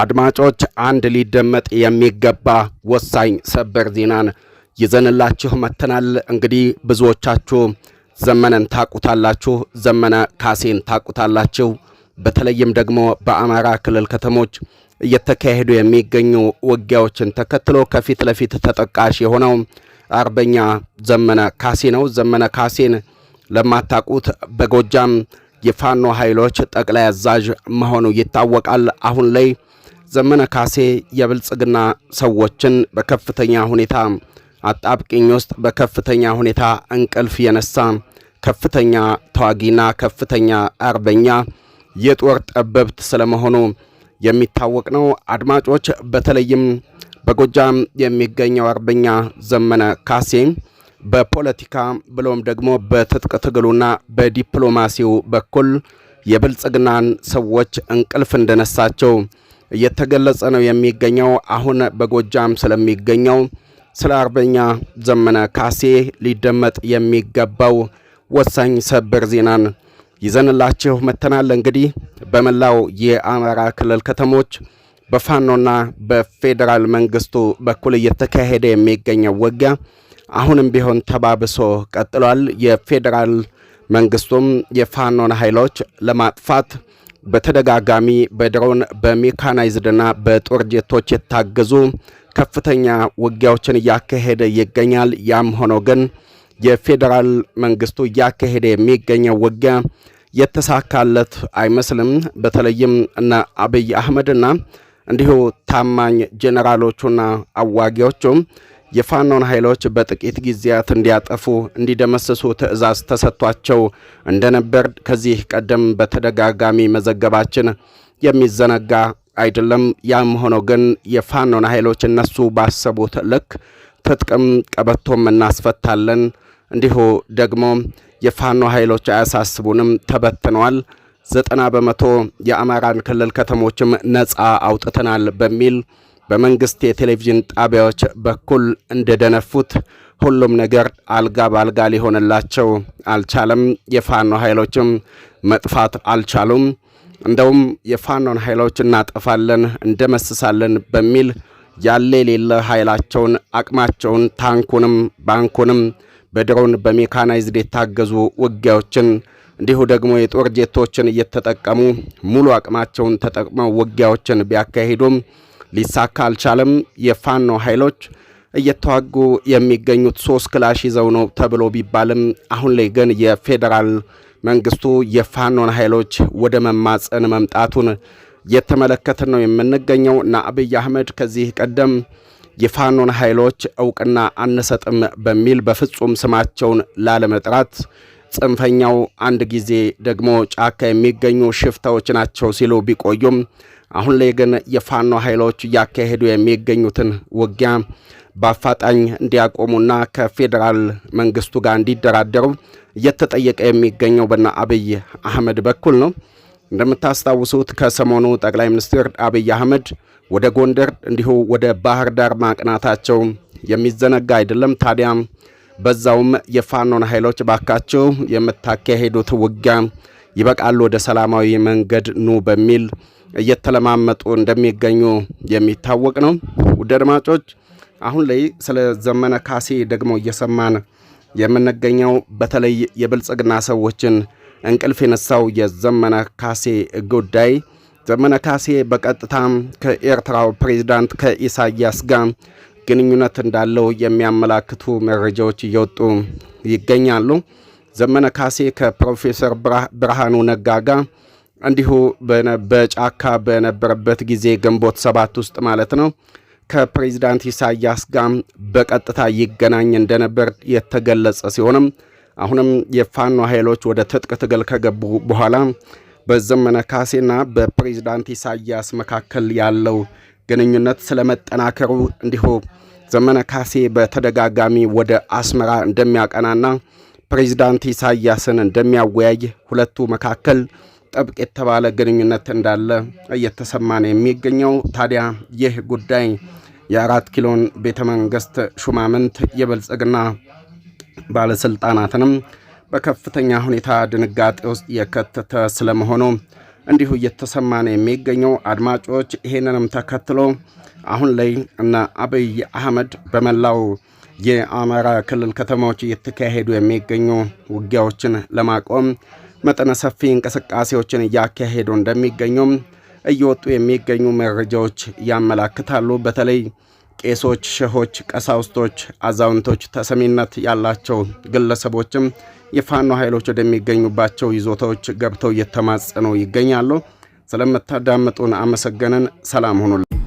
አድማጮች አንድ ሊደመጥ የሚገባ ወሳኝ ሰበር ዜናን ይዘንላችሁ መጥተናል። እንግዲህ ብዙዎቻችሁ ዘመነን ታቁታላችሁ፣ ዘመነ ካሴን ታቁታላችሁ። በተለይም ደግሞ በአማራ ክልል ከተሞች እየተካሄዱ የሚገኙ ውጊያዎችን ተከትሎ ከፊት ለፊት ተጠቃሽ የሆነው አርበኛ ዘመነ ካሴ ነው። ዘመነ ካሴን ለማታቁት በጎጃም የፋኖ ኃይሎች ጠቅላይ አዛዥ መሆኑ ይታወቃል። አሁን ላይ ዘመነ ካሴ የብልጽግና ሰዎችን በከፍተኛ ሁኔታ አጣብቅኝ ውስጥ በከፍተኛ ሁኔታ እንቅልፍ የነሳ ከፍተኛ ተዋጊና ከፍተኛ አርበኛ የጦር ጠበብት ስለመሆኑ የሚታወቅ ነው። አድማጮች፣ በተለይም በጎጃም የሚገኘው አርበኛ ዘመነ ካሴ በፖለቲካ ብሎም ደግሞ በትጥቅ ትግሉና በዲፕሎማሲው በኩል የብልጽግናን ሰዎች እንቅልፍ እንደነሳቸው እየተገለጸ ነው የሚገኘው። አሁን በጎጃም ስለሚገኘው ስለ አርበኛ ዘመነ ካሴ ሊደመጥ የሚገባው ወሳኝ ሰበር ዜናን ይዘንላችሁ መተናል። እንግዲህ በመላው የአማራ ክልል ከተሞች በፋኖና በፌዴራል መንግስቱ በኩል እየተካሄደ የሚገኘው ውጊያ አሁንም ቢሆን ተባብሶ ቀጥሏል። የፌዴራል መንግስቱም የፋኖን ኃይሎች ለማጥፋት በተደጋጋሚ በድሮን በሜካናይዝድና በጦር ጀቶች የታገዙ ከፍተኛ ውጊያዎችን እያካሄደ ይገኛል። ያም ሆኖ ግን የፌዴራል መንግስቱ እያካሄደ የሚገኘው ውጊያ የተሳካለት አይመስልም። በተለይም እነ አብይ አህመድና እንዲሁ ታማኝ ጄኔራሎቹና አዋጊዎቹ የፋኖን ኃይሎች በጥቂት ጊዜያት እንዲያጠፉ እንዲደመስሱ ትዕዛዝ ተሰጥቷቸው እንደነበር ከዚህ ቀደም በተደጋጋሚ መዘገባችን የሚዘነጋ አይደለም። ያም ሆኖ ግን የፋኖን ኃይሎች እነሱ ባሰቡት ልክ ትጥቅም ቀበቶም እናስፈታለን፣ እንዲሁ ደግሞ የፋኖ ኃይሎች አያሳስቡንም፣ ተበትነዋል፣ ዘጠና በመቶ የአማራን ክልል ከተሞችም ነፃ አውጥተናል በሚል በመንግስት የቴሌቪዥን ጣቢያዎች በኩል እንደደነፉት ሁሉም ነገር አልጋ ባልጋ ሊሆንላቸው አልቻለም። የፋኖ ኃይሎችም መጥፋት አልቻሉም። እንደውም የፋኖን ኃይሎች እናጠፋለን፣ እንደመስሳለን በሚል ያለ የሌለ ኃይላቸውን፣ አቅማቸውን፣ ታንኩንም፣ ባንኩንም በድሮን በሜካናይዝድ የታገዙ ውጊያዎችን እንዲሁ ደግሞ የጦር ጄቶችን እየተጠቀሙ ሙሉ አቅማቸውን ተጠቅመው ውጊያዎችን ቢያካሂዱም ሊሳካ አልቻለም። የፋኖ ኃይሎች እየተዋጉ የሚገኙት ሶስት ክላሽ ይዘው ነው ተብሎ ቢባልም አሁን ላይ ግን የፌዴራል መንግስቱ የፋኖን ኃይሎች ወደ መማፀን መምጣቱን እየተመለከትን ነው የምንገኘው እና አብይ አህመድ ከዚህ ቀደም የፋኖን ኃይሎች እውቅና አንሰጥም በሚል በፍጹም ስማቸውን ላለመጥራት ጽንፈኛው አንድ ጊዜ ደግሞ ጫካ የሚገኙ ሽፍታዎች ናቸው ሲሉ ቢቆዩም አሁን ላይ ግን የፋኖ ኃይሎች እያካሄዱ የሚገኙትን ውጊያ በአፋጣኝ እንዲያቆሙና ከፌዴራል መንግስቱ ጋር እንዲደራደሩ እየተጠየቀ የሚገኘው በና አብይ አህመድ በኩል ነው። እንደምታስታውሱት ከሰሞኑ ጠቅላይ ሚኒስትር አብይ አህመድ ወደ ጎንደር እንዲሁ ወደ ባህር ዳር ማቅናታቸው የሚዘነጋ አይደለም። ታዲያ በዛውም የፋኖን ኃይሎች ባካቸው የምታካሄዱት ውጊያ ይበቃል ወደ ሰላማዊ መንገድ ኑ በሚል እየተለማመጡ እንደሚገኙ የሚታወቅ ነው። ውድ አድማጮች አሁን ላይ ስለ ዘመነ ካሴ ደግሞ እየሰማን የምንገኘው በተለይ የብልጽግና ሰዎችን እንቅልፍ የነሳው የዘመነ ካሴ ጉዳይ ዘመነ ካሴ በቀጥታም ከኤርትራው ፕሬዚዳንት ከኢሳያስ ጋር ግንኙነት እንዳለው የሚያመላክቱ መረጃዎች እየወጡ ይገኛሉ። ዘመነ ካሴ ከፕሮፌሰር ብርሃኑ ነጋ ጋር እንዲሁ በጫካ በነበረበት ጊዜ ግንቦት ሰባት ውስጥ ማለት ነው ከፕሬዚዳንት ኢሳያስ ጋር በቀጥታ ይገናኝ እንደነበር የተገለጸ ሲሆንም አሁንም የፋኖ ኃይሎች ወደ ትጥቅ ትግል ከገቡ በኋላ በዘመነ ካሴና በፕሬዚዳንት ኢሳያስ መካከል ያለው ግንኙነት ስለመጠናከሩ እንዲሁ ዘመነ ካሴ በተደጋጋሚ ወደ አስመራ እንደሚያቀናና ፕሬዚዳንት ኢሳያስን እንደሚያወያይ ሁለቱ መካከል ጥብቅ የተባለ ግንኙነት እንዳለ እየተሰማ ነው የሚገኘው። ታዲያ ይህ ጉዳይ የአራት ኪሎን ቤተ መንግስት ሹማምንት የብልጽግና ባለስልጣናትንም በከፍተኛ ሁኔታ ድንጋጤ ውስጥ የከተተ ስለመሆኑ እንዲሁ እየተሰማ ነው የሚገኘው። አድማጮች፣ ይህንንም ተከትሎ አሁን ላይ እነ አብይ አህመድ በመላው የአማራ ክልል ከተማዎች እየተካሄዱ የሚገኙ ውጊያዎችን ለማቆም መጠነ ሰፊ እንቅስቃሴዎችን እያካሄዱ እንደሚገኙም እየወጡ የሚገኙ መረጃዎች ያመላክታሉ። በተለይ ቄሶች፣ ሸሆች፣ ቀሳውስቶች፣ አዛውንቶች፣ ተሰሚነት ያላቸው ግለሰቦችም የፋኖ ኃይሎች ወደሚገኙባቸው ይዞታዎች ገብተው እየተማጸኑ ይገኛሉ። ስለምታዳምጡን አመሰገንን። ሰላም ሁኑልን።